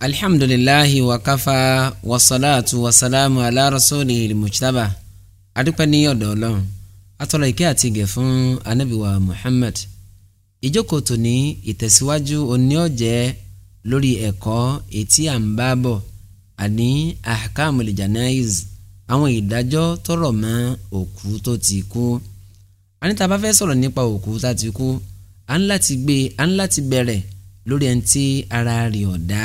alhamdulilahi wa kafa wa salatu wa salamu ala rasulihi mujtaba adúpẹ́ ní ọ̀dọ̀ Ọlọ́run atọrọ ìkẹ́ àti ìgẹ̀ fún anabiwa Muhammad ìjókòó tòní ìtẹ̀síwájú òní ọ̀jẹ́ lórí ẹ̀kọ́ etí à ń bá bọ̀ àní ahkamul janaiz àwọn ìdájọ́ tó rọ̀ mọ́ ti kú anita bá fẹ́ sọ̀rọ̀ nípa òkú tá ti kú à ń láti gbé à ń láti bẹ̀rẹ̀ lórí ẹni ara rẹ̀ ọ̀dá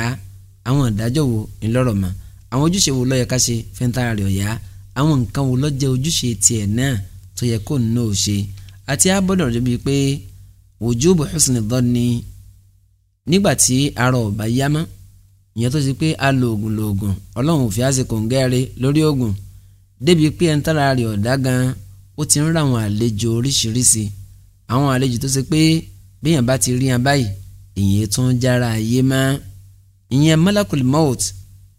àwọn ìdájọ́ wo ńlọ́rọ̀ mọ́ àwọn ojúṣe wo ló yẹ ká ṣe fẹ́ntara rẹ̀ ọ̀yá àwọn nǹkan wo ló jẹ́ ojúṣe tiẹ̀ náà tó yẹ kó nínú ò ṣe àti abọ́dọ̀ rẹ̀ bíi pé wujubu husni dhanni nígbà tí ara ọ̀bà yá mọ́ ìyẹn tó ṣe pé a lo oògùn lo oògùn ọlọ́run òfin àṣẹ kòǹgẹ́rẹ́ lórí oògùn débi pé ẹni rẹ̀ ọ̀dá gan ó ti ń ra àwọn àlejò oríṣiríṣi àwọn àlejò tó ṣe pé béèyàn bá ti rí yan báyìí èyí tó ń jára ayé máa ìyẹn malakul maut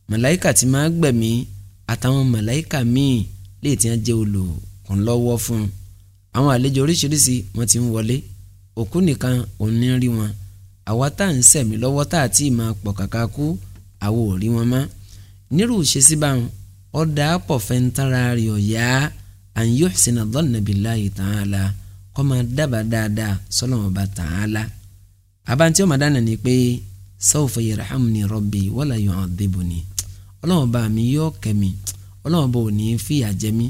màláìkà tí máa gbẹ̀mí àtàwọn màláìkà míì léè tí wọ́n jẹ́ olùkùnlọ́wọ́ fún un àwọn àlejò oríṣiríṣi wọ́n ti ń wọlé òkú nìkan òun ní rí wọn àwa tá à ń sẹ̀mí lọ́wọ́ tá à tí máa pọ̀ kàkà kú àwo ò rí wọn mọ́ nírú ìṣesí ọ̀dà pọ̀ fẹ́ntara ọ̀yá an yuhsina dhanna billahi ta'ala kọ́ máa dábàá dáadáa sọ́lọ́mọba ta'ala abáńtí ọ̀mọ̀dánà ni pé sawfa yarhamni rabbi wala yu'adhibuni ọlọ́run bá mi yọ kẹ́mi ọlọ́run bá ò ní fìyà jẹ mí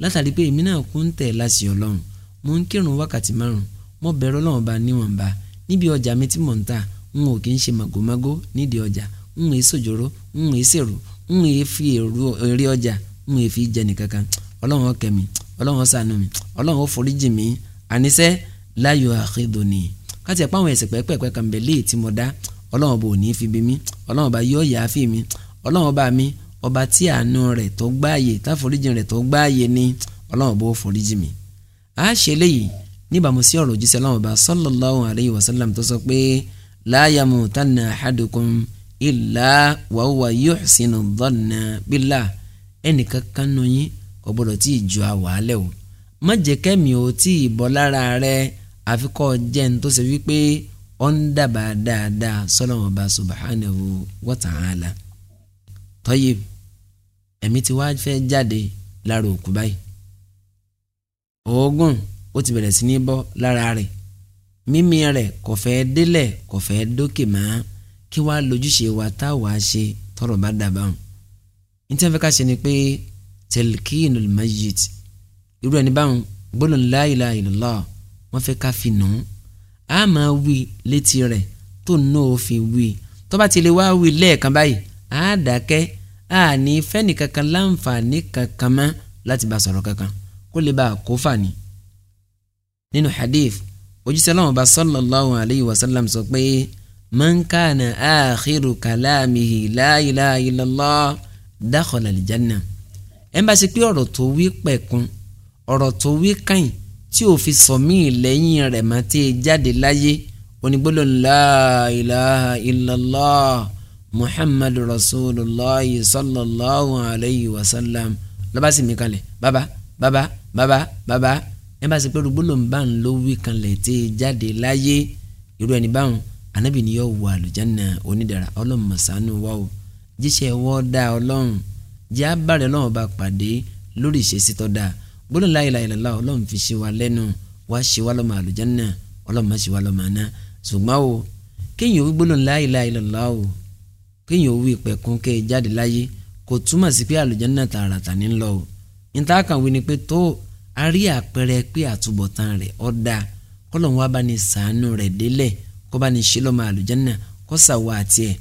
látàrí pé èmi náà kún tẹ̀ láti ọlọ́run mo ń kírun wákàtí márùn mo bẹ̀rù ọlọ́run bá níwọ̀nba níbi ọjà mi tí mò ń tà n ò kí ń ṣe màgòmágó nídìí ọjà n ò sòjòrò n ò sèrò n ò fi èrè ọjà n ò fi jẹ nìkankan ọlọ́run kẹ́mi ọlọ́run ṣàánú mi ọlọ́run foríjì mi àníṣẹ́ láyò àkèdò nìyí káti ẹ̀ pàwọn ẹ̀ṣẹ̀ pẹ́ẹ́pẹ́ẹ́pẹ́ kan bẹ̀ léè tí mo dá ọlọ́run bò ní fi bí mi ọlọ́run bá yọ ìyá fi mi ọlọ́run bá mi ọba tí àánú rẹ̀ tó gbáàyè táforíjì rẹ̀ tó gbáàyè ni ọlọ́run bó foríjì mi. a ṣe léyìí níbàámu sí ọ̀rọ̀ òjíṣẹ́ ọlọ́run bá sallallahu alayhi wa sallam tó sọ pé la yamutanna ahadukum illa wa huwa yuhsinu dhanna billah ẹnìkan kan nù yín kò gbọdọ̀ tí ì ju àwàálẹ̀ o má jẹ́ kẹ́mi ò tí ì bọ́ lára rẹ̀ àfikọ́ jẹ́ ní tó ṣe wípé ó ń dábàá dáadáa sọ́lọ́wọ́n bá subhanahu wa ta'ala tayyib ẹ̀mí tí wàá fẹ́ jáde lára òkú báyìí oògùn ó ti bẹ̀rẹ̀ sí ní bọ́ lára rẹ̀ mímí rẹ̀ kò fẹ́ délẹ̀ kò fẹ́ dókè mọ́ kí wàá lójúṣe wa tá a wàá ṣe tọrọ bá dábàá ní tí ká ṣe ni pé telkinul mayyit irú ẹni báwọn gbọ́dọ̀ la ilaha illallah wọ́n fẹ́ ká fi nù ún a máa wí létí rẹ̀ tó náà fi wí tó bá ti lè wá wí lẹ́ẹ̀kan báyìí á dákẹ́ á ní fẹ́ni kankan láǹfààní kankan mọ́ láti bá sọ̀rọ̀ kankan kó lè bá a kó fà ní. nínú hadith ojúṣe aláwọ̀ bá sallallahu alayhi wa sallam sọ pé man kana akhiru kalamihi la ilaha illallah dakhala ṣe pé ọ̀rọ̀ tó wí pẹ̀kun ọ̀rọ̀ tó wí kàn yìí tí ò fi sọ̀mí lẹ́yìn rẹ̀ mọ́ tí e jáde láyé onígbọ́lọ̀ la ilaha muhammadu rasulillah sallallahu alayhi wa sallam lọ́ba sì mí kalẹ̀ bàbá bàbá bàbá bàbá ẹ bá sì pé rúgbọ́lọ̀ ń bá ń lo wí kanlẹ̀ tí e jáde láyé irú ẹni báwọn anábì ni yóò wọ àlùjáná onídàra ọlọ́run mọ̀sánú wá o jíṣẹ́ wọ́ dá ọlọ́run jẹ́ abárẹ̀ náà bá pàdé lórí ìṣesí tó dáa gbólóhùn la ilaha illallah ọlọ́run fi ṣe wa lẹ́nu wá ṣe wa lọ́mọ àlùjánnà ọlọ́run má ṣe wa lọ́mọ àná ṣùgbọ́n o kéèyàn wí gbólóhùn la ilaha illallah o kéèyàn wí pẹ̀kún kéè jáde láyé kò túmọ̀ sí pé àlùjánnà tààràtà ní lọ o níta kan wí ni pé tó a rí àpẹẹrẹ pé àtúbọ̀tán rẹ̀ ọ́ da kọ́lọ́n wa bá ní sàánú rẹ̀ délẹ̀ kó bá ní ṣe lọ́mọ àlùjánnà kó sàwọ́ àti ẹ̀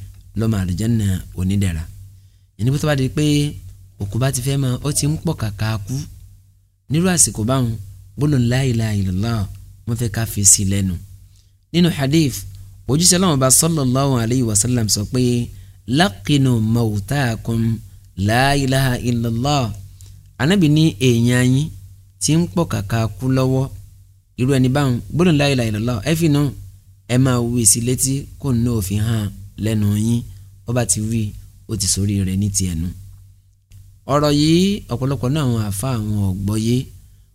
nírú àsìkò báwọn gbólóhùn la ilaha illallah wọ́n fẹ́ ká fi sí i lẹ́nu. nínú hadith òjíṣẹ́ láwọn bá sallallahu alayhi wa sallam sọ pé laqinu mawtakum la ilaha illallah anábì ní èèyàn yín tí ń pọ̀ kàkà kú lọ́wọ́ irú ẹni báwọn gbólóhùn la ilaha illallah ẹ fi náà ẹ máa wí sí létí kó nínú òfin hàn lẹ́nu yín ó ti wí ó ti sórí rẹ̀ ní tiẹ̀ nù. No ọ̀rọ̀ yìí ọ̀pọ̀lọpọ̀ náà àwọn àfa àwọn ọ̀gbọ́yé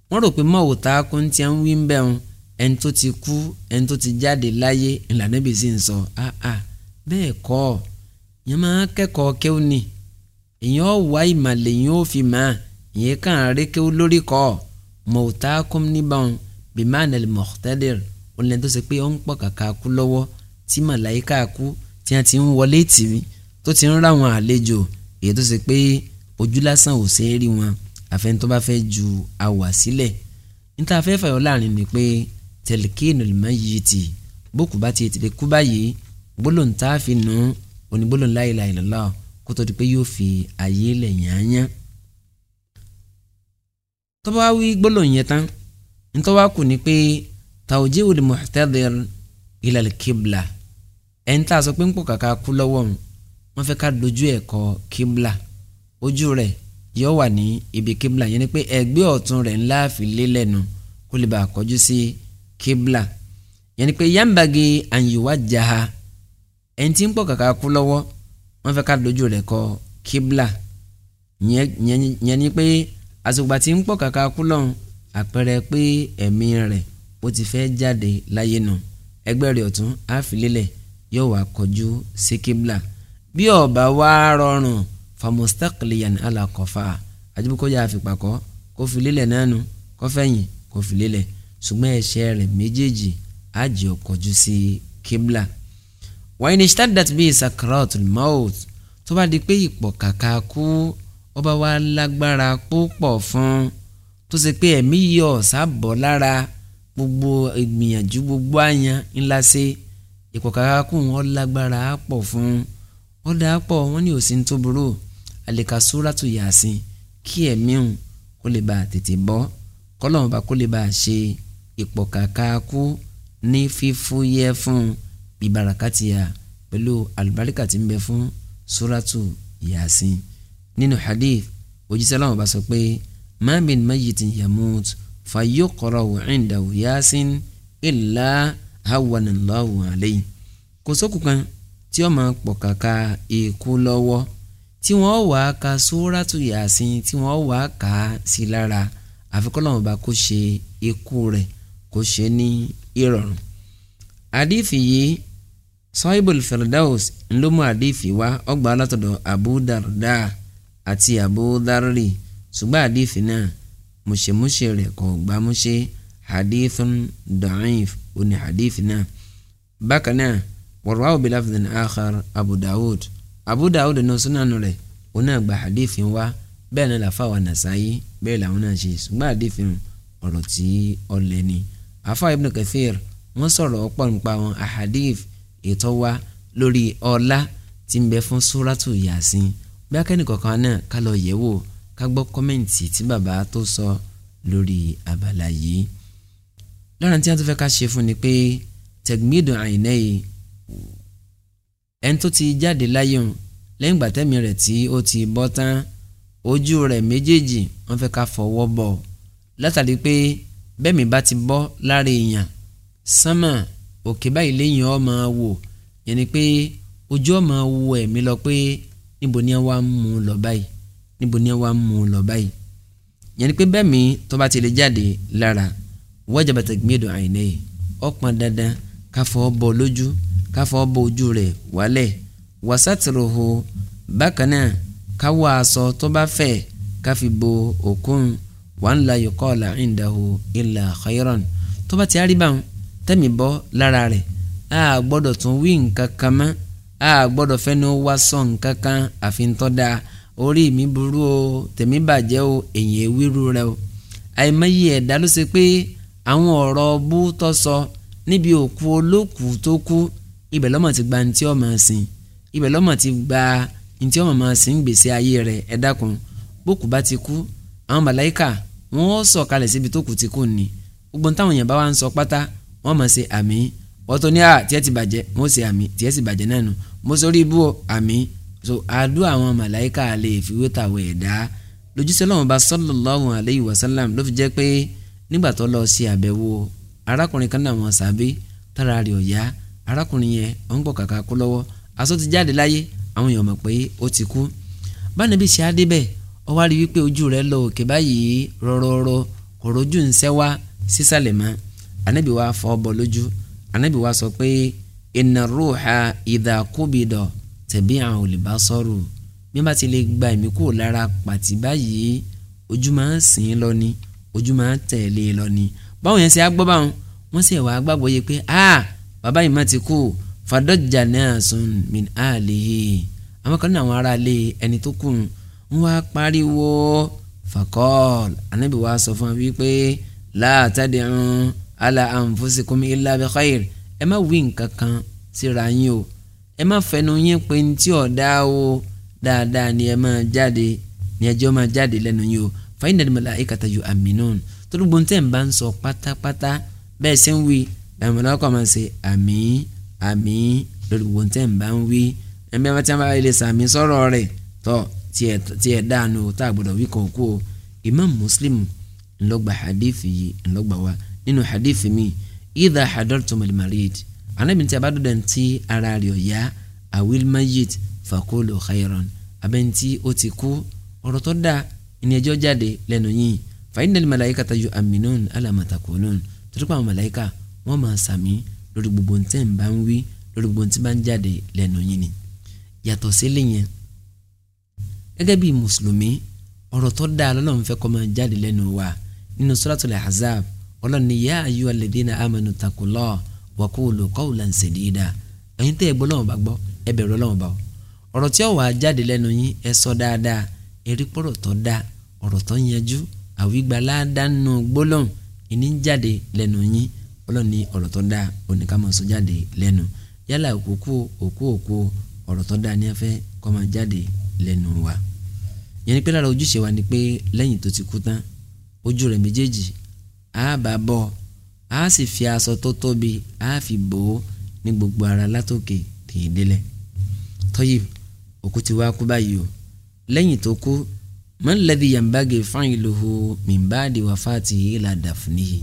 wọ́n rò pé mọ́wò tá a kún tí a ń wí ń bẹ̀rùn ẹni tó ti kú ẹni tó ti jáde láyé ńlá níbi sì ń sọ áà bẹ́ẹ̀ kọ́ yẹn máa kẹ́kọ̀ọ́ kéw ni èyàn ó wá ìmàlẹ̀ yẹn ó fi máa yẹn kàn án rí lórí kọ́ mọ́wò kún níbọn bimane mọ̀tẹ́dẹ̀r olè tó ṣe pé ó ń pọ̀ kàkà kú lọ́wọ́ tí màláyíká kú tí a ti ń wọlé tì mí tó ti ń ráwọn àlejò èyí tó ṣe pé ojú lásán ò ṣe é rí wọn àfẹn tó bá fẹ́ ju awà sílẹ̀ níta fẹ́ fàyọ láàrin ni pé tẹlikínu lè má yí ti bókù bá ti tẹ̀lé kú báyìí gbólóhùn tá a fi nù onígbólóhùn la ilaha illallah kó tó di pé yóò fi ayé lẹ̀ yányá tó bá wí gbólóhùn yẹn tán ntọ́wá kù ni pé tawjihu al-mu'tadir ila al-qibla ẹ̀ ń tà sọ pé ń pò kàkà kú lọ́wọ́ wọn fẹ́ ká dojú ẹ̀ kọ kíbla ojú rẹ̀ yóò wà ní ibi kíbla yẹn ni pé ẹ̀gbẹ́ ọ̀tún rẹ̀ ńlá fi lé lẹ́nu kó lè bàa kọjú sí kíbla yẹn ni pé yambagi àyìnwá jaha ẹni tí ń pọ̀ kàkà kú lọ́wọ́ wọ́n fẹ́ ká dojú rẹ̀ kọ kíbla yẹn ni pé àsùgbà tí ń pọ̀ kàkà kú lọ́hùn àpẹẹrẹ pé ẹ̀mí rẹ̀ ó ti fẹ́ jáde láyé nù ẹgbẹ́ rẹ̀ ọ̀tún á fi lélẹ̀ yóò wá kọjú sí kíbla bí ó bá rọrùn famustaqliyan ala kọfà àjẹbí kó yà àfipá kọ́ kó fi lélẹ̀ nánu kó fẹ̀yìn kó fi lélẹ̀ ṣùgbọ́n ẹ̀ṣẹ̀ rẹ̀ méjèèjì àjẹ ọkọ̀jú sí kíbla. wàá ní stadat bíi sakarat maut tó bá di pé ìpò kàkà kú ọba wa lágbára púpọ̀ fún tó ṣe pé ẹ̀mí yọ sábọ̀ lára gbogbo ìgbìyànjú gbogbo àyàn ńlá ṣe ìpò kàkà kú wọn lágbára pọ̀ fún wọn pọ̀ wọn ní òsín tó burú àlèkà súrátù yàsín kí ẹ̀mí òun kó lè bá a tètè bọ́ kọ́lọ́mọba kó lè bá a ṣe ìpọ̀kàkà kú ní fífúyẹ́ fún ìbàràkàtìyà pẹ̀lú àlùbáríkà tí ń bẹ fún súrátù yàsín nínú hadith òjíṣẹ́ ọlọ́mọba sọ pé ma min mayyitin yamut fayuqra'u 'indahu yàsín illa hawwanallahu alayhi kò sókù kan tí ó máa pọ̀kàkà ikú lọ́wọ́ tí wọ́n wà á ka sóràtù yàsín tí wọ́n wà á kà á sí lára àfikọ́lọ́wọ́n bá kó ṣe ikú rẹ̀ kó ṣe ní ìrọ̀rùn. àdìfì yìí sọ́ìbùl firdaus ńlọ́mú àdìfì wá ọgbà alátọ̀dọ̀ Abu Darda àti Abu Darri ṣùgbọ́n àdìfì náà mùṣemúṣe rẹ̀ kò gbámúṣe hadithun da'if oní àdìfì náà. bákan náà wọ̀rọ̀ wá Abu Dawud Abu Dawud nù súnánù rẹ̀ òun náà gba àdéfin wá bẹ́ẹ̀ náà làfa wà Nasa'i bẹ́ẹ̀ làwọn náà ṣe ṣùgbọ́n àdéfin ọ̀rọ̀ tí ó ni afa Ibn Kathir wọ́n sọ̀rọ̀ ọ̀pọ̀ nípa àwọn ahadif ètò wa lórí ọlá tí ń bẹ fún suratu yasin bí akẹ́ni kọ̀ọ̀kan náà ká lọ yẹ̀ wò ká gbọ́ kọ́mẹ́ǹtì tí bàbá tó sọ lórí abala yìí lára tí wọ́n tún fẹ́ ká ṣe fún ni pé tẹ̀gbìdùn àìnáyìí ẹni tó ti jáde láyé òun lẹ́yìn ìgbà tẹ́mi rẹ̀ tí ó ti bọ́ tán ojú rẹ̀ méjèèjì wọ́n fẹ́ ká fọwọ́ bọ̀ látàrí pé bẹ́ẹ̀mí bá ti bọ́ lára èèyàn sánmà òkè báyìí lẹ́yìn ó wò yẹn ni pé ojú ó wò ẹ̀mí lọ pé níbo ni wàá mú un lọ báyìí níbo ni wàá mú un lọ báyìí yẹn ni pé bẹ́ẹ̀mí tó bá ti lè jáde lára wọ́n jẹ́ bàtà gbẹ́dọ̀ àìní ọ̀pọ̀n dandan ká fọ́ bọ́ lójú káfọ́ bo ojú rẹ̀ wálẹ̀ wasatiruhu bákan náà káwọ́ aṣọ tó bá fẹ̀ káfi bo òkun wa la yuqala indahu illa khayran tó bá ti á rí báwọn tẹ́mi bọ́ lára rẹ̀ a gbọ́dọ̀ tún wí nǹkan kan mọ́ a gbọ́dọ̀ fẹ́ni ó wá sọ nǹkan kan àfi ń orí mi burú o tèmi bàjẹ́ o èyàn ewíru rẹ o àìmọye ẹ̀dá ló ṣe pé àwọn ọ̀rọ̀ bú tọ́ sọ níbi òkú olókùú tó kú ibẹ̀ lọ́mọ ti gba ntí ọmọ sìn ibẹ̀ lọ́mọ ti gba ntí ọmọ máa sìn gbèsè ayé rẹ̀ ẹ dákun bókù bá ti kú àwọn màláìkà wọn ó sọ̀ kalẹ̀ síbi tó kù ti kù ni gbogbo táwọn èèyàn bá wá ń sọ pátá wọn máa ṣe àmì wọ́n tó ní à tiẹ̀ ti bàjẹ́ wọn ṣe àmì tiẹ̀ sì bàjẹ́ náà nù mo sórí ibú àmì so àdúrà àwọn màláìkà lè fi wé tàwọn ẹ̀dá lójúṣe lọ́wọ́n bá sallallahu alayhi wa sallam ló fi jẹ́ pé nígbà tó lọ ṣe àbẹ̀wò arákùnrin kan náà arákùnrin yẹn ó ń pọ̀ kàkà kú lọ́wọ́ aṣọ ti jáde láyé àwọn èèyàn mọ̀ pé ó ti kú bánibí ṣe á débẹ̀ ó wá rí wípé ojú rẹ̀ lọ òkè báyìí rọrọrọ kò rojú ńṣẹ́ wá sísàlẹ̀ mọ́ ànábì wa fọ́ bọ́ lójú ànábì wa sọ pé inna ruha idha qubida tabi'ahu al-basaru bí bá ti lè gba ẹ̀mí kúrò lára pàtì báyìí ojú máa ń sìn ín lọ ni ojú máa ń tẹ̀lé e lọ ni báwọn yẹn ṣe á gbọ́ báwọn wọ́n sì wá gbàgbọ́ yẹ pé aah bàbá yìí má ti kú fàdọ́jà náà sùn mí àlèyé àwọn kan náà àwọn ará ilé ẹni tó kù ń wá pariwo fakọ́ọ̀l anábì wa sọ fún wa wípé láàtàdìrún ala anfusikum illa bi khair ẹ má wí nǹkan kan síra yín o ẹ má fẹnu yín pé ní tí ọ̀dá o dáadáa ni ẹ máa jáde ni ẹjọ́ máa jáde lẹ́nu yín o fa innal malaikata yu'minun tó dúgbò ń tẹ̀ ń bá ń sọ pátápátá bẹ́ẹ̀ sẹ́ ń wí ẹ̀mọ́ lọ́kọ̀ máa ṣe àmín àmín lórí gbogbo tẹ́ ń bá ń wí ẹ̀mí ẹ̀mọ́ tí wọ́n bá lè sàmì sọ̀rọ̀ rẹ̀ tọ́ tiẹ̀ dáanu tá a gbọ́dọ̀ wí kàn kú o Imam Muslim ńlọgba hadith yìí ńlọgba wa nínú hadith mi idha hadartumul marid anabi tí a bá dọ̀dọ̀ ntí ara rẹ̀ ọ̀yá awil mayit fakulu khairan abẹ́ntí ó ti kú ọ̀rọ̀ tó dáa ìní ẹjọ́ jáde lẹ́nu yìí fa innal malaikata yu'minun ala ma taqulun torí pa wọ́n máa sàmí lórí gbogbo ohun tí ẹ̀ ń bá ń wí lórí gbogbo ohun bá ń jáde lẹ́nu yín ni yàtọ̀ sílé yẹn gẹ́gẹ́ bí mùsùlùmí ọ̀rọ̀ tó dáa lọ́lọ́run fẹ́ kó máa jáde lẹ́nu wa nínú suratul ahzab ọlọ́run ní yá ayú alladhina amanu taqullah wa qulu qawlan sadida ẹ̀yin tẹ́ ẹ gbọ́ lọ́wọ́ bá gbọ́ ẹ bẹ̀rù lọ́wọ́ bá ọ̀rọ̀ tí ó wá jáde lẹ́nu yín ẹ sọ dáadáa erí pọ̀rọ̀ tó dáa ọ̀rọ̀ tó yanjú àwígbàlá dánú gbólóhùn ìní jáde lẹ́nu yín ọlọ́ni ọ̀rọ̀ tó dáa òní ká máa sọ jáde lẹ́nu yálà òkú òkú òkú ọ̀rọ̀ tó dáa ní afẹ́ kọ́ máa jáde lẹ́nu wa yẹn ni pé lára ojúṣe wa ni pé lẹ́yìn tó ti kú tán ojú rẹ̀ méjèèjì á bá bọ́ á sì fi aṣọ tó tóbi á fi bò ó ní gbogbo ara látòkè tèè tọ́yì òkú ti wá kú báyìí o lẹ́yìn tó kú man ladhi yanbaghi fa'iluhu min ba'di wafatihi ila dafnihi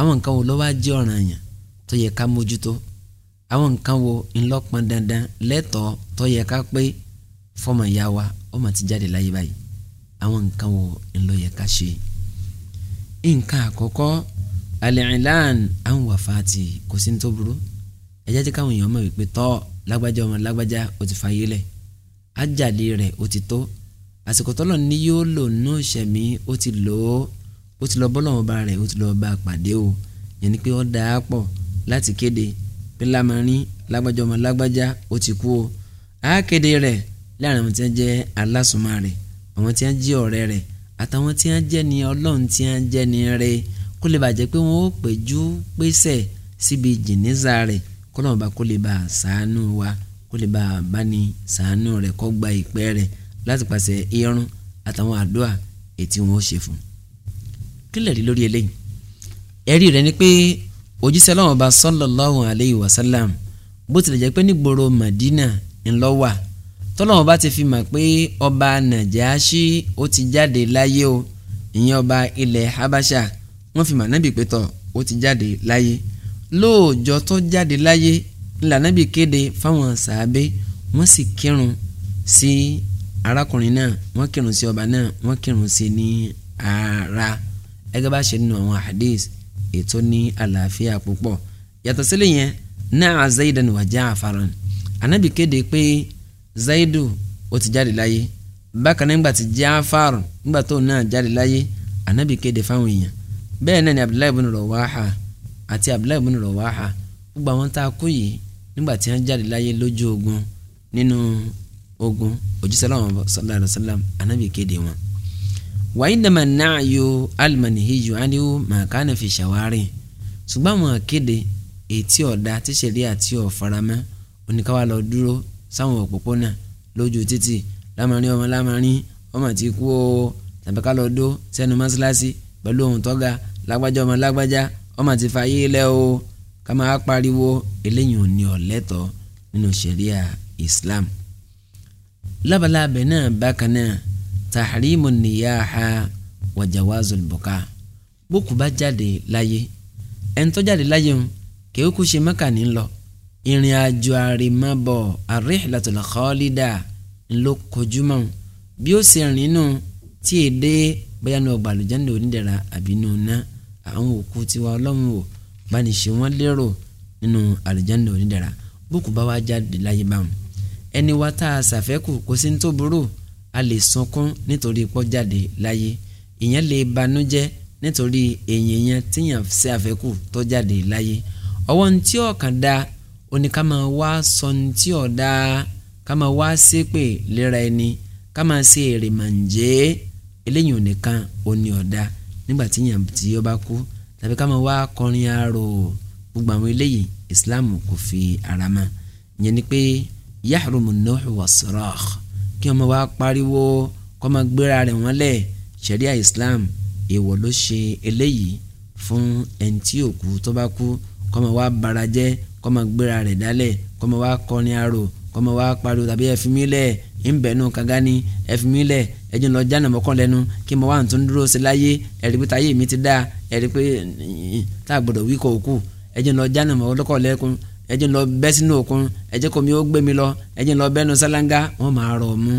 àwọn nǹkan wo ló wá jẹ́ ọ̀ranyàn tó yẹ ká mójútó àwọn nǹkan wo ńlọ́pọn dandan lẹ́tọ̀ọ́ tó yẹ ká pé fọmọ ìyá wa ọmọ ti jáde láyé báyìí àwọn nǹkan wo ńlọ yẹ ká ṣe. nǹkan àkọ́kọ́ alẹ́rìnláàn àwọn wàfáàtì kò sí ní tó burú ẹ̀jẹ̀ tí káwọn èèyàn mọ̀ wípé tọ́ lágbájá ọmọ lágbájá ó ti fàyè lẹ̀ ajáde rẹ̀ ó ti tó àsìkò tọ́lọ̀ ní yóò lò nù sẹ̀mí ó ti lò ó ó ti lọ bọ́lọ́wọ́n bá rẹ̀ ó ti lọ bá a pàdé o yẹn ni pé ó dà á pọ̀ láti kéde pé lámarin lágbájá ọmọ lágbájá ó ti kú o á kéde rẹ̀ láàrin àwọn tí wọ́n jẹ́ alásùnmọ́ rẹ̀ àwọn tí wọ́n jẹ́ ọ̀rẹ́ rẹ̀ àtàwọn tí wọ́n jẹ́ ni ọlọ́run tí wọ́n jẹ́ ni rẹ̀ kó lè bàjẹ́ pé wọ́n ó péjú pésẹ̀ síbi jìnnìza rẹ̀ kó lọ́wọ́n bá kó lè bá sàánú wa kó lè bá a bá ní sàánú rẹ̀ kó gba ìpẹ́ rẹ̀ láti pàṣẹ irun àtàwọn àdúrà ètí wọn ó ṣe fún un kí lè rí lórí eléyìí ẹ̀rí rẹ̀ ni pé òjíṣẹ́ ọlọ́run ọba sallallahu alayhi wa sallam bó tilẹ̀ jẹ́ pé nígboro Madina ńlọ́wà tọ́lọ́run bá ti fi mọ̀ pé ọba Nàjáṣí ó ti jáde láyé o ìyẹn ọba ilẹ̀ Habasha wọ́n fi mọ̀ nábì pé tọ̀ ó ti jáde láyé lóòjọ́ tó jáde láyé ńlá nábì kéde fáwọn sàábé wọ́n sì kírun sí arákùnrin náà wọ́n kírun sí ọba náà wọ́n kírun sí ní ara ẹgẹ́ bá ṣe nínú àwọn hadith ètò ní àlàáfíà púpọ̀ yàtọ̀ sílẹ̀ yẹn náà zaidan wà Ja'faran anabi kéde pé zaidu ó ti jáde láyé bákan náà ńgbà tí Ja'far ńgbà tó náà jáde láyé anabi kéde fáwọn èèyàn bẹ́ẹ̀ náà ni abdullahi ibn Rawaha àti abdullahi ibn Rawaha gbogbo àwọn tá a kú yìí nígbà tí wọ́n jáde láyé lójú ogun nínú ogun òjíṣẹ́ láwọn sallallahu alaihi wasallam anabi kéde wọn wàyínàmà náà yo alimanihiyu aniwo màkánà fi ṣàwárí ṣùgbọ́n àwọn akéde ètí ọ̀dà tíṣẹ̀lì àti ọ̀faramá oníkàwá lọ dúró sáwọn òpópónà lójú títì lámarin ọmọ lámarin ọmọ àti ikú o tàbí ká lọ dó sẹ́nu mọ́ṣáláṣí pẹ̀lú ohun tọ́ga lágbájá ọmọ lágbájá ọmọ àti fàyè ilẹ̀ o ká pariwo eléyìí ò ní ọ̀lẹ́tọ̀ nínú ṣẹ̀ríà Islam lábalábẹ̀ náà bákan náà tahrimu niyaha wa jawazul buka bókù bá jáde láyé ẹni tó jáde láyé ń kéwú kú ṣe mẹ́kà ní lọ ìrìn àjò àrèmábọ̀ arrihlatul khalida ńlọ kojú mọ́ bí ó ṣe rìn nù tí èdè bóyá ní ọgbà àlùjáde onídẹ̀ra àbí nù ná àwọn òkú tiwa ọlọ́run o bá ní ṣe wọ́n lérò nínú àlùjáde onídẹ̀ra bókù bá wá jáde láyé báwọn ẹni wá tá a ṣàfẹ́kù kò sí ní tó burú a lè sunkún nítorí pọ́ jáde láyé èèyàn lè banújẹ́ nítorí èèyàn tíyàn ṣe àfẹ́kù tó jáde láyé ọwọ́ ní tí ọ̀kan da oní ká máa wá sọ ní tí ọ̀dá ká máa wá ṣépè léra ẹni ká máa ṣe èrè màǹjẹ́ eléyìí nìkan oní ọ̀dá nígbà tíyàn tí ó bá kú tàbí ká máa wá kọrin arò gbogbo àwọn eléyìí Islam kò fi ara mọ́ ìyẹn ni pé yahrumu nuhu wa sirakh kí ọmọ wa pariwo kó máa gbéra rẹ̀ wọ́n lẹ̀ ṣẹ̀ríà Islam èèwọ̀ ló ṣe eléyìí fún ẹni tí òkú tó bá kú kó máa wá bara jẹ́ kó máa gbéra rẹ̀ dálẹ̀ kó máa wá kọrin arò kó máa wá pariwo tàbí ẹ fi ńbẹ̀nu kagani ẹ fi mí lẹ̀ ẹjọ́ lọ jáná mọ́kàn lẹ́nu kí mo wá ń tún dúró sí láyé ẹ̀rí pé táyé mi ti dá ẹ̀rí pé tá gbọ́dọ̀ wí òkú ẹjọ́ lọ jáná mọ́kàn ẹ jẹ́ n lọ bẹ́ sínú òkun ẹ jẹ́ kó mi ó gbé mi lọ ẹ jẹ́ n lọ bẹ́nu sálángá wọ́n máa rọ̀ mú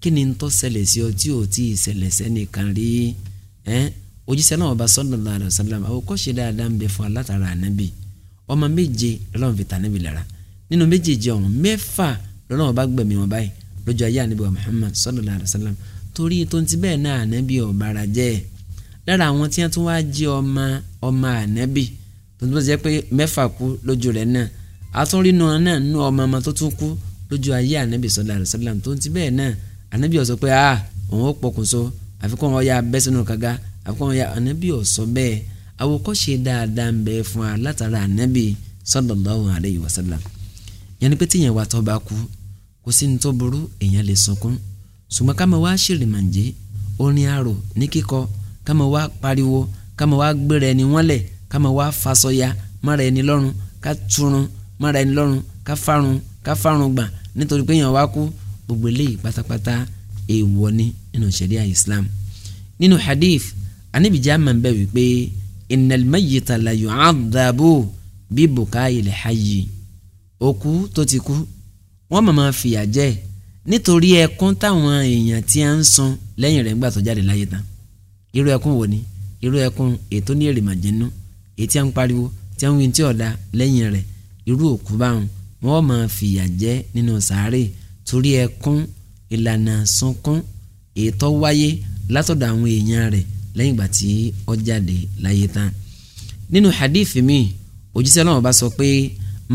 kí ni ń tó ṣẹlẹ̀ sí ọ tí ò tí ì ṣẹlẹ̀ sẹ́nìkan rí ẹ́ òjíṣẹ́ náà ọba sallallahu alaihi wasallam àwòkọ́ṣe dáadáa ń bẹ fún alátara ànábì ọmọ méje lọ́lọ́run fi tànábì lára nínú méjèèjì ọ̀hún mẹ́fà lọ́lọ́run ọba gbẹ̀mí wọn báyìí lójú ayé ànábì wa Muhammad sallallahu alaihi wasallam torí tó ń ti bẹ́ẹ̀ náà ànábì ọ̀bàrà jẹ́ ẹ̀ lára àwọn tí wọ́n tún wá jí ọmọ ọmọ ànábì tó ń bọ́ jẹ́ pé mẹ́fà kú lójú rẹ̀ náà àtúnrínú náà nínú ọmọ ọmọ tó tún kú lójú ayé ànábì sọlá àlùsálàm tó ń ti bẹ́ẹ̀ náà ànábì ó sọ pé a ah, òun ó pokùnso àfikún ọ̀ya bẹ́ sínú kàga àfikún ọ̀ya ànábì ó sọ bẹ́ẹ̀ àwòkọ́ṣe dáadáa ń bẹ fún wa látara ànábì sallallahu alayhi wa sallam yẹn ni pé tíyẹn wà tó bá kú kò sí ní tó burú èèyàn lè sunkún ṣùgbọ́n ká máa wá ṣèrìmàǹjẹ́ orin àrò ní kíkọ ká máa wá pariwo ká máa wá gbéra ẹni wọ́n lẹ̀ ká máa wá fasọya mára ẹni lọ́rùn ká túrun mọ́ra ẹni lọ́rùn ká fárun ká fárun gbà nítorí pé èèyàn wá kú gbogbo eléyìí pátápátá èèwọ̀ ni nínú ṣẹ̀ríà Islam nínú hadith anibijá máa ń bẹ̀ wípé innal mayyita la yu'adhabu bi bukayil hayyi òkú tó ti kú wọ́n máa máa fìyà jẹ́ nítorí ẹkún táwọn èèyàn tí a ń sun lẹ́yìn rẹ̀ ńgbà tó jáde láyé tán irú ẹkún wo ni irú ẹkún ètò ní èrè màjẹ́nú ètí à ń pariwo tí a ń wí tí ọ̀dà lẹ́yìn rẹ̀ irú òkú báwọn wọ́n máa fìyà jẹ nínú sàárè torí ẹkún ìlànà sunkún ètò wáyé látọ̀dọ̀ àwọn èèyàn rẹ̀ lẹ́yìn ìgbà tí ó jáde láyé tán nínú hadith mi òjíṣẹ́ náà bá sọ pé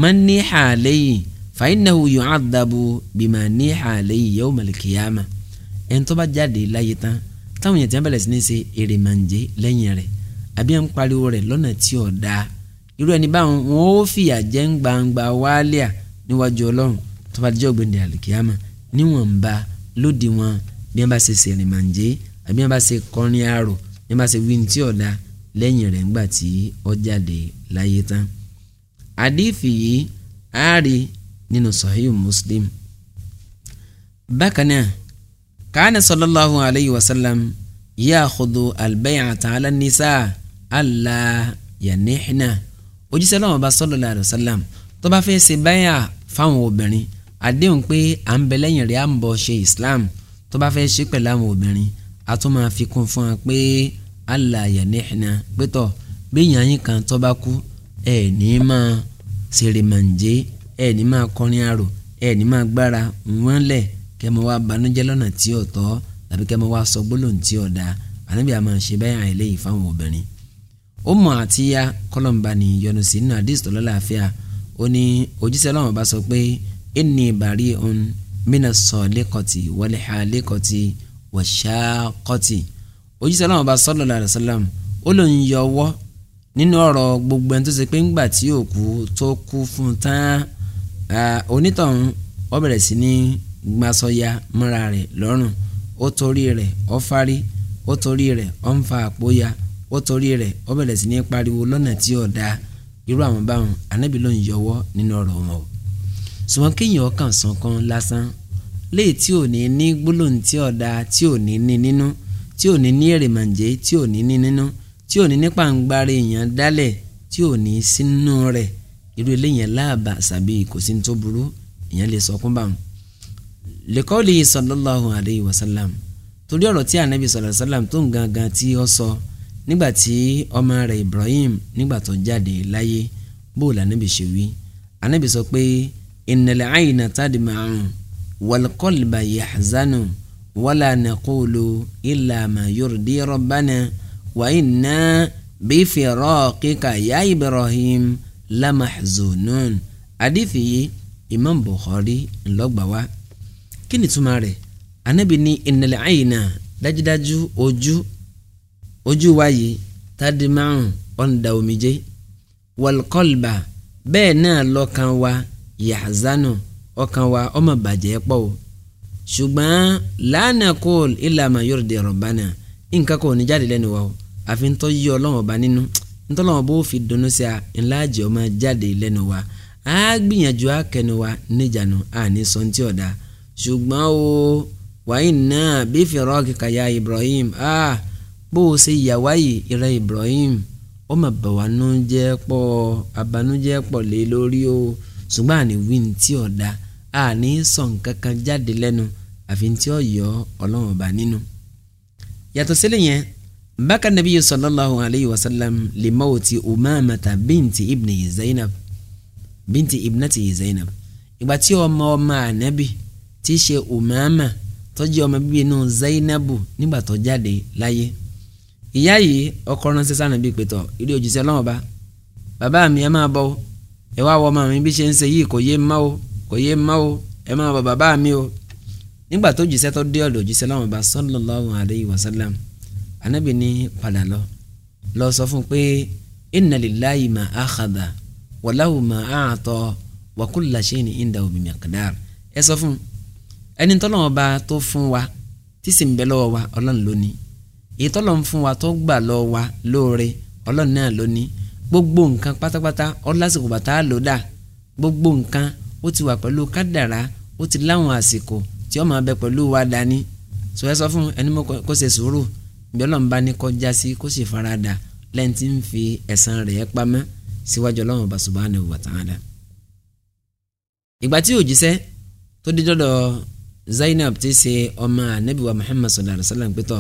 man niha alayhi fa innahu yu'adhabu bima niha alayhi yawm al-qiyamah ẹni tó bá jáde láyé tán táwọn èèyàn ti bẹ̀rẹ̀ sí ní ṣe èrè màǹjẹ́ lẹ́yìn rẹ̀ àbí ẹ̀ ń pariwo rẹ̀ lọ́nà tí ò dáa irú ẹni báwọn wọn ó fìyà jẹ ń gbangba wálíà níwájú ọlọ́run tó bá jẹ́ ògbéǹde àlùkìyàmà níwọ̀n ba lóde wọn bí wọn bá ṣe sẹ̀rìn màǹjẹ́ àbí wọn bá ṣe kọrin àrò bí wọn bá ṣe wí ní tí ọ̀dà lẹ́yìn rẹ̀ ńgbà tí ó jáde láyé tán. àdìfì yìí á rí nínú Sahih Muslim. bákan náà kàánà sallallahu alayhi wa sallam ya'khudhu al-bay'ata ala an-nisa alla òjíṣẹ́ náà bá sallallahu alaihi wasallam tó bá fẹ́ ṣe báyà fáwọn obìnrin àdéhùn pé à ń bẹ lẹ́yìn rẹ̀ à ń bọ̀ ṣe Islam tó bá fẹ́ ṣe pẹ̀lú àwọn obìnrin a tún máa fi kún fún wa pé Allah yanihna pétọ̀ bẹ́yìn àyín kan tó bá kú ẹ̀ ní máa ṣèrèmàǹjẹ́ ẹ̀ ní máa kọrin àrò ẹ̀ ní máa gbára wọ́n lẹ̀ kẹ́ mo wá banújẹ́ lọ́nà tí ò tọ́ tàbí kẹ́ mo wá sọ gbólóhùn tí ò dáa ànábìà máa ṣe báyà eléyìí fáwọn obìnrin Ummu Atiyya kọ́lọ́mbà ní yọ́nú sí nínú àdìs tó lọ́láàfíà ó ní òjíṣẹ́ Ọlọ́run bá sọ pé inni bari'un mina saliqati wal haliqati washaqati òjíṣẹ́ Ọlọ́run bá sallallahu alaihi wasallam ó ló ń yọ ọwọ́ nínú ọ̀rọ̀ gbogbo ẹni tó ṣe pé ńgbà tí òkú tó kú fún tán onítọ̀hún ó bẹ̀rẹ̀ sí ní gbàsọ́ya mọ́ra rẹ̀ lọ́rùn ó torí rẹ̀ ó fárí ó torí rẹ̀ ó ń fa àpò wọ́n torí rẹ̀ ó bẹ̀rẹ̀ sí ní pariwo lọ́nà tí ò dáa irú àwọn báwọn anábì ló ń yọwọ́ nínú ọ̀rọ̀ wọn o ṣùgbọ́n kéèyàn ọkàn sọ̀kan lásán léè tí ò ní ní gbólóhùn tí ò dáa tí ò ní ní nínú tí ò ní ní èrèmàǹjẹ́ tí ò ní ní nínú tí ò ní ní pàǹgbárí èèyàn dálẹ̀ tí ò ní sínú rẹ̀ irú eléyìí láàbà sàbí kò sí tó burú èèyàn lè sọkún báwọn. lẹ́kọ́ọ̀lì sallallahu alayhi sallam torí ọ̀rọ̀ tí anabi sallam tó ń gangan sọ nígbàtí ọmọ rẹ̀ Ibrahim nígbà tó jáde láyé bóòlù ànábì ṣe wí ànábì sọ pé innal ayna tadma'u wal qalba yahzanu wala naqulu illa ma yurdi rabbana wa inna bi firaqika ya Ibrahim lamahzunun àdìfì yìí Imam Bukhari ńlọgbà wá kí ni túmọ̀ rẹ̀ ànábì ní innal ayna dájúdájú ojú ojú wa yìí tádé márùn ọ̀ǹda omijé wọlkọlba bẹ́ẹ̀ náà lọ́kàn wa yahzanu ọkàn wa ọmọ bàjẹ́ pọ̀ o ṣùgbọ́n lánà kóòl ìlànà yorùdè rọ̀bánà nǹkan kò ní jáde lẹ́nu wa o àfi ń tọ́ yí ọlọ́run ọba nínú ntọ́lọ́wọ́n bó fi dunu sí a ńlá jẹ́ ọmọ jáde lẹ́nu wa á gbìyànjú akẹnu wa níjànú àní sọ́ńtì ọ̀dà ṣùgbọ́n o wàyí náà bí fìrọ́ọ̀kì kàyà Ibrahim ah bó o ṣe yàwá yìí ìrẹ Ibrahim ó mà bà wá nú jẹ́ pọ̀ abanújẹ́ pọ̀ lé lórí o ṣùgbọ́n àní wí ní tí ọ̀dà àní sọ nǹkan kan jáde lẹ́nu àfi tí ó yọ ọlọ́run ọba nínú. yàtọ̀ sílẹ̀ yẹn bákan nàbí sallallahu alayhi wa sallam li mawti Umamata bíntì ibni Zainab bíntì ibnati Zainab ìgbà tí ọmọ ọmọ ànábì tí ṣe Umama tó jẹ́ ọmọ bíbí inú Zainabu nígbà tó jáde láyé ìyá yìí ọkọ ránṣẹ́ sáà níbi ìpètọ̀ ilé òjìṣẹ́ ọlọ́wọ́n ba bàbá mi ẹ máa bọ̀ o ẹ wá wọ ọmọ mi bí ṣe ń ṣe yìí kò yé mọ́ o kò yé mọ́ o ẹ máa bọ̀ bàbá mi o nígbà tó òjìṣẹ́ tó dé ọ̀dọ̀ òjìṣẹ́ ọlọ́wọ́n ba sallallahu alayhi wa padà lọ lọ sọ fún pé inna lillahi ma akhadha wa lahu ma a'ta wa kullu shay'in indahu bi miqdar ẹ sọ fún ẹni tọ́lọ́wọ́n tó fún wa tí sì ń èyí tọ́lọ̀ ń fún wa tó gbà lọ wa lóore ọlọ́run náà ló ní gbogbo nǹkan pátápátá ọlásìkò bàtà ló dà gbogbo nǹkan ó ti wà pẹ̀lú kádàrá ó ti láwọn àsìkò tí ó máa bẹ pẹ̀lú wa dání sọ ẹ sọ fún ẹni mọ kó ṣe sùúrù bí ọlọ́run bá ní kọjá sí kó sì farada lẹ́yìn tí ń fi ẹ̀san rẹ̀ pamọ́ síwájú ọlọ́run ọba subhanahu wa ta'ala. ìgbà tí òjíṣẹ́ tó dé dọ́dọ̀ Zainab ti ṣe ọmọ anabiwa Muhammad sallallahu alaihi wa sallam pẹ́tọ́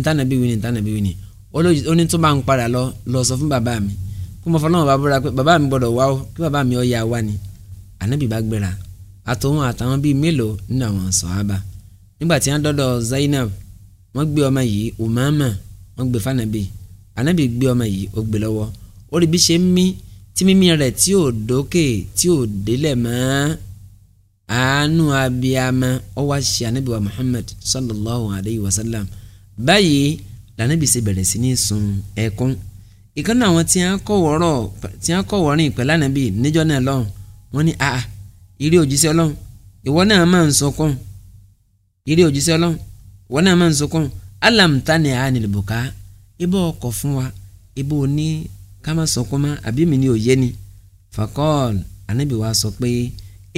ntànà bí wí ni ntànà bí wí ni ó ní tó bá ń padà lọ lọ sọ fún bàbá mi kó mo fọlọ́wọ́n bá búra pé bàbá mi gbọ́dọ̀ wá o kí bàbá mi ó yá wá ni ànábì bá gbéra àtòun àtàwọn bíi mélòó nínú àwọn sọ̀hábà nígbà tí wọ́n dọ́dọ̀ Zainab wọ́n gbé ọmọ yìí Umama wọ́n gbé fànàbì ànábì gbé ọmọ yìí ó gbé lọ́wọ́ ó rí bí ṣe ń mí tí mímí rẹ̀ tí ò dókè tí ò délẹ̀ mọ́ àánú abiyamọ ó wá ànábì wa Muhammad sallallahu alayhi wa sallam báyìí lànàbì ṣe bẹ̀rẹ̀ sí ní sun ẹkún ìkànnì àwọn tí wọ́n kọ̀wọ́rọ̀ tí wọ́n kọ̀wọ́rìn pẹ̀lú ànàbì níjọ́ náà lọ́hùn wọ́n ní a ìrí òjíṣẹ́ ọlọ́hun ìwọ náà máa ń sọkún ìrí òjíṣẹ́ ọlọ́hun ìwọ náà máa ń sọkún alamtani anilbuka ibò ọkọ̀ fún wa ibò ní kámá sọkún má àbí mi ní òye ni fakọ́ọ̀lù ànàbì wa sọ pé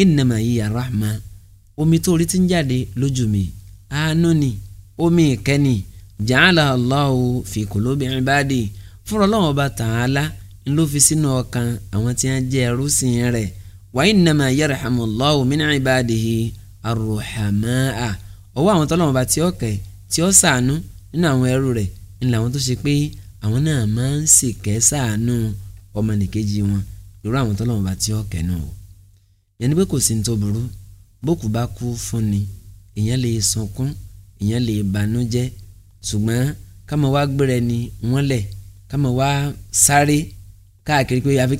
innama hiya rahma omi tó orí ti ń jáde lójú mi àánú ni omi ìkẹ́ni ja'ala Allahu fi kulubi ibadi fúnra Ọlọ́hun Ọba Ta'ala ńlọ fi sínú ọkàn àwọn tí wọ́n jẹ́ ẹrúsìn rẹ̀ wa innama yarhamu Allahu min ibadihi ar-ruhamaa ọwọ́ àwọn tọ́lọ́wọ́n bá tí ó kẹ́ tí ó ṣàánú nínú àwọn ẹrú rẹ̀ ńlá àwọn tó ṣe pé àwọn náà máa ń ṣèkẹ́ ṣàánú ọmọnìkejì wọn irú àwọn tọ́lọ́wọ́n bá tí ó kẹ́ náà o yẹn ni pé kò sí ní bókù bá kú fún ni lè sunkún lè ṣùgbọ́n káma wá gbére ni wọ́n lẹ̀ káma wá sáré káàkiri pé àfi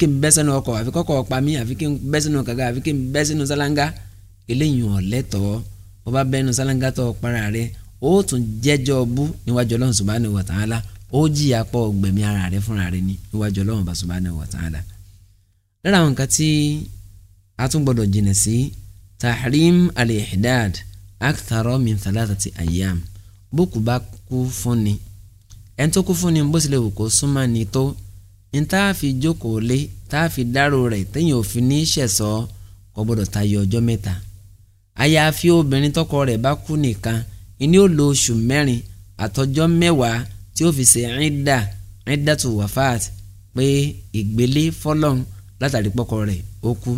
kí n bẹ́ sẹ́nu ọkọ̀ àfi kọ́kọ́ ọ̀pá mi àfi kí n bẹ́ sẹ́nu kàga àfi kí n bẹ́ sẹ́nu sálángá eléyìí ò lẹ́tọ̀ọ́ bó bá bẹ́nu sálángá tó para rẹ ó tún jẹ́jọ́ bú níwájú ọlọ́run subhanahu wa ta'ala ó jìyà pọ̀ gbẹ̀mí ara rẹ fúnra rẹ ní níwájú ọlọ́run bá subhanahu wa ta'ala. lára àwọn nǹkan tí a tún gbọ́dọ̀ jìnà sí tahrim al-ihdad aktharo min thalathati ayyam bókù bá kú fún ni ẹni tó kú fún ni bó tilẹ̀ wù kó súnmọ́ ni tó ní tá a fi jókòó lé tá a fi dárò rẹ̀ téèyàn ò fi ní ṣẹ̀sọ́ kò gbọ́dọ̀ tayọ ọjọ́ mẹ́ta àyàfi obìnrin tọkọ rẹ̀ bá kú nìkan ìní ó lo oṣù mẹ́rin àtọjọ́ mẹ́wàá tí ó fi ṣe ẹ̀ńdà ẹ̀ńdà tó wàfáàt pé ìgbélé fọlọ́n látàrí pọ́kọ rẹ̀ ó kú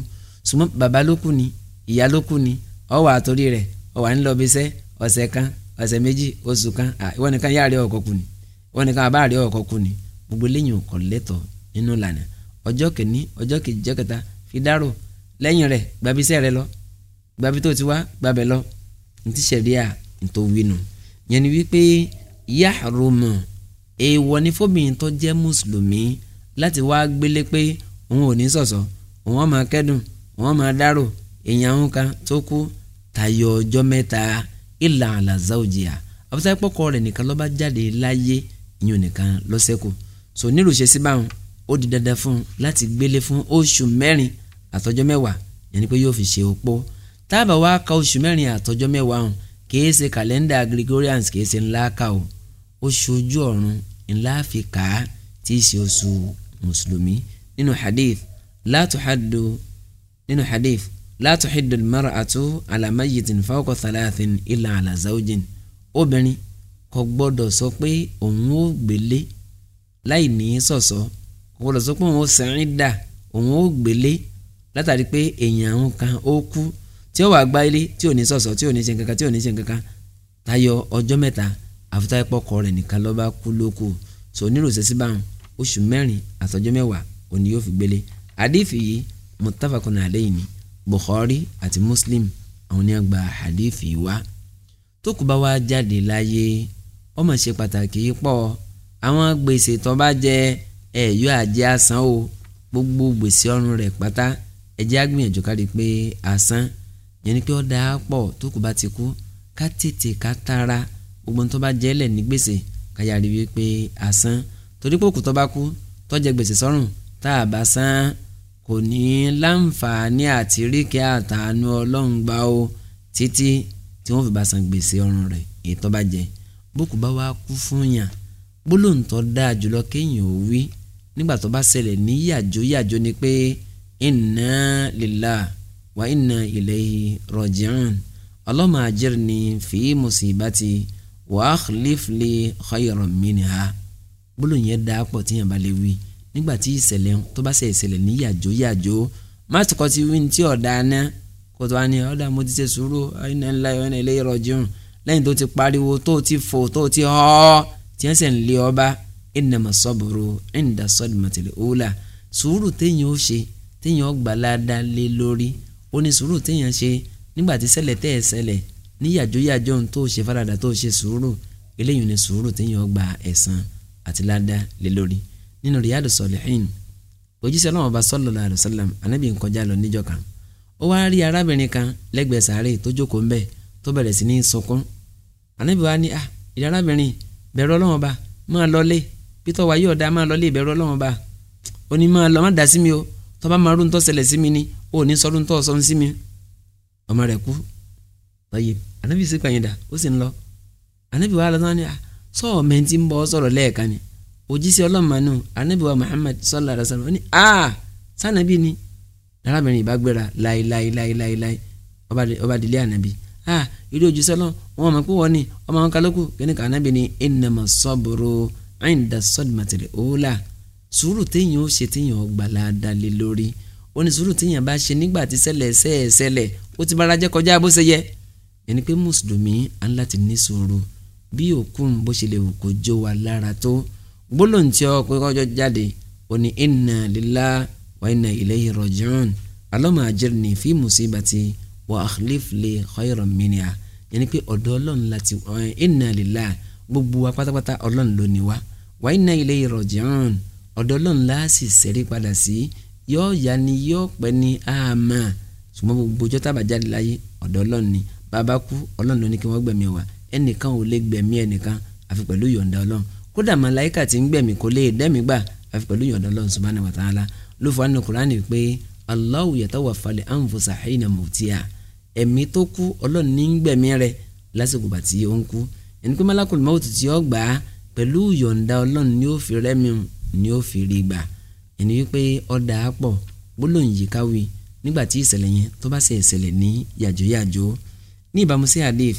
ṣùgbọ́n bàbá ló kú ni ìyá ló kú ni ó àtòrí rẹ̀ ó ńlọbíṣẹ́ ọ̀sẹ̀ kan ọ̀sẹ̀ méjì oṣù kan ìwọ nìkan yá àárẹ̀ ọ̀kọ́ kù ni ìwọ nìkan àbá àárẹ̀ ọ̀kọ́ kù ni gbogbo lẹ́yìn ọ̀kọ́ lẹ́tọ̀ nínú ìlànà ọjọ́ kìíní ọjọ́ kejì ọjọ́ kẹta fi dárò lẹ́yìn rẹ̀ gbàbí iṣẹ́ rẹ lọ gbàbí tó ti wá gbàbẹ̀ lọ ntí sẹ̀ríà ntó winu yẹn ni wípé yahrumu èèwọ̀ ni fóbìnrin tó jẹ́ mùsùlùmí láti wá gbélé pé òun ò ní sọ̀sọ̀ òun á máa òun á máa èèyàn àwọn kan tó kú tayọ ọjọ́ mẹ́ta ilà àlàzà òjìyà àbúsáyé pọkọ rẹ̀ nìkan ló bá jáde láyé ìyún nìkan ló so nílùú ṣe sí báwọn ó di dandan fún un láti gbélé fún oṣù mẹ́rin àtọjọ́ mẹ́wàá yẹn ni pé yóò fi ṣe opó táàbà wá ka oṣù mẹ́rin àtọjọ́ mẹ́wàá hàn kìí ṣe kàlẹ́ndà Gregorians kìí ṣe ńlá ka o oṣù ojú ọ̀run ńlá fi kà á tí í ṣe oṣù mùsùlùmí nínú hadith látò hadith la tuhiddu al-mar'atu ala mayyitin fawqa thalathin illa ala zawjin obìnrin kò gbọ́dọ̀ sọ pé òun ó gbélé láì ní sọ̀sọ́ kò gbọ́dọ̀ sọ pé òun ó sẹ́rìn dà òun ó gbélé látàrí pé èèyàn àwọn kan ó kú tí ó wà gbá ilé tí ò ní sọ̀sọ́ tí ò ní ṣe nǹkankan tí ò ní ṣe nǹkankan tayọ ọjọ́ mẹ́ta àfúta ìpọ́kọ rẹ̀ nìkan ló bá kú lóko tó nílò sẹ́sí báwọn oṣù mẹ́rin àtọjọ́ mẹ́wàá òní yóò fi gbélé àdéhìí yìí muttafaqun alayhi ni Bukhari àti Muslim àwọn ni a gba hadithi wa tó kù bá wá jáde láyé ó mà ṣe pàtàkì pọ̀ àwọn gbèsè tó bá jẹ ẹ̀yọ́ àjẹ́ àsán o gbogbo gbèsè ọrùn rẹ̀ pátá ẹ̀jẹ̀ àgbìyànjú kárí pé àsán yẹn ni pé ó dáa pọ̀ tó kù bá ti kú ká tètè ká tara gbogbo tó bá jẹ́ lẹ̀ ní gbèsè káyà rí wípé àsán torí pé tó bá kú tó gbèsè sọ́rùn tá a bá san kò ní láǹfààní àti ríkẹ́ àtàánú ọlọ́run gbà ó títí tí wọ́n fi bá san gbèsè ọrùn rẹ̀ ètò bá jẹ bókù bá wá kú fún yàn gbólóǹtọ́ dáa jùlọ kéèyàn ò wí nígbà tó bá ṣẹlẹ̀ ní yàjó yàjó ni pé inna lillahi wa inna ilayhi raji'un Allahumma ajirni fi musibati wa akhlif li khayran minha gbólóǹyẹ dáa pọ̀ tíyàn bá lè wí nígbà tí ìṣẹ̀lẹ̀ tó bá ṣe ìṣẹ̀lẹ̀ ní yàjó yàjó má ti kọ́ ti wí ní tí ọ̀dà ná kó tó wá ní ọ̀dà mo ti ṣe sùúrù iná ńlá iná ilé ìrọ̀jùn lẹ́yìn tó ti pariwo tó ti fò tó ti họ́ tí wọ́n sì ń lé ọba ìnàmọ̀ sọ́bùrù ìnìdá sọ́dùmọ̀tìlẹ̀ òwúlà sùúrù téèyàn ó ṣe téèyàn ó gbà ládàá lé lórí ó ní sùúrù téèyàn ṣe nígbà tí tẹ́ ẹ̀ ṣẹlẹ̀ ní yàjóyàjó tó ṣe faradà tó ṣe sùúrù eléyìí ni sùúrù téèyàn ó gbà àti ládàá lé lórí nínú Riyadu Salihin òjíṣẹ́ ọlọ́run ọba sallallahu alaihi wasallam anábì ń kọjá lọ níjọ́ kan ó wá rí arábìnrin kan lẹ́gbẹ̀ẹ́ sàárè tó jókòó ń bẹ̀ tó bẹ̀rẹ̀ sí ní sunkún anábì wa ní à ah, ìdí arábìnrin bẹ̀rù ọlọ́run ọba máa lọlé pétọ́ wa yóò dá máa lọlé ìbẹ̀rù ọlọ́run ọba ó ní máa lọ má dá sí mi o tó bá máa rú ntọ́ sí mi ni ó ní sọ́dún ntọ́ sọ́n sí mi ọmọ rẹ̀ kú tọ́yẹ anábì sí pàyìndà ó sì ń òjíṣẹ́ ọlọ́mọ̀nù anábìwá Muhammad sallallahu alaihi wasallam ní a ah, sànàbí ni arábìnrin ìbá gbéra láìláìláìláì ọba délé ànàbí a irú òjíṣẹ́ ọlọ́ wọn mọ̀ pé wọ́n ní ọmọ wọn kálókù kíníkà anábì ni innama sabru inda sadmatil ula sùúrù téèyàn ó ṣe téèyàn ó gbà láadáa lé lórí ó ní sùúrù téèyàn bá ṣe nígbà tí ṣẹlẹ̀ ṣẹ̀ṣẹlẹ̀ ó ti gbólóhùn tí ọ pé kọjọ jáde ó ní inna lillahi wa inna ilayhi raji'un allahumma ajirni fi musibati wa akhlif li khayran minha yẹni pé ọ̀dọ̀ ọlọ́run láti inna lillahi gbogbo wa pátápátá ọlọ́run ló ní wa wa inna ilayhi raji'un ọ̀dọ̀ ọlọ́run láàsì sẹ́rí padà sí yóò yá ni yóò pẹ́ ni àmà ṣùgbọ́n gbogbo ọjọ́ tá láyé ọ̀dọ̀ ọlọ́run ni bàbá kú ọlọ́run ló ní kí wọ́n gbẹ̀mí wa ẹnìkan ò lè gbẹ̀mí ẹnìkan àfi pẹ̀lú yọ̀ǹda ọlọ́run kódà màláìkà tí ń gbẹ̀mí kò lè dẹ́mi gbà àfi pẹ̀lú ìyọ̀dọ̀ ni subhanahu wa ta'ala ló fọ́ àánú Kùránì pé Allahu yatawaffal anfusa hina mawtiha ẹ̀mí tó kú Ọlọ́run ní ń gbẹ̀mí rẹ̀ lásìkò bá tí ó ń kú ẹni pé malakul mawt tí ó gbà á pẹ̀lú ìyọ̀ǹda Ọlọ́run ni ó fi rẹ́mi ni ó fi rí gbà ẹni wípé ọ̀dà hadith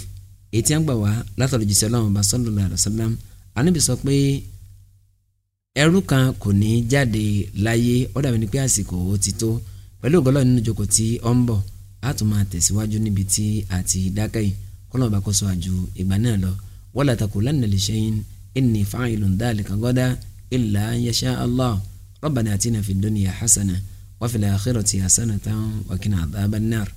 èyí tí a ń gbà wá látọ̀rọ̀ anabi sọ pé ẹrú kan kò ní jáde láyé ó dàbí ni pé àsìkò ó ti tó pẹ̀lú ògbọ́lọ́ nínú ìjókòó tí ó ń bọ̀ á tún máa tẹ̀síwájú níbi tí a ti dákẹ́ yìí kọ́lọ́ bá kó sọ àjù ìgbà náà lọ wala taqulanna li shay'in inni fa'ilun dhalika ghadan illa an yasha Allah rabbana atina fid dunya hasana wa fil akhirati hasanatan wa qina adhaban nar.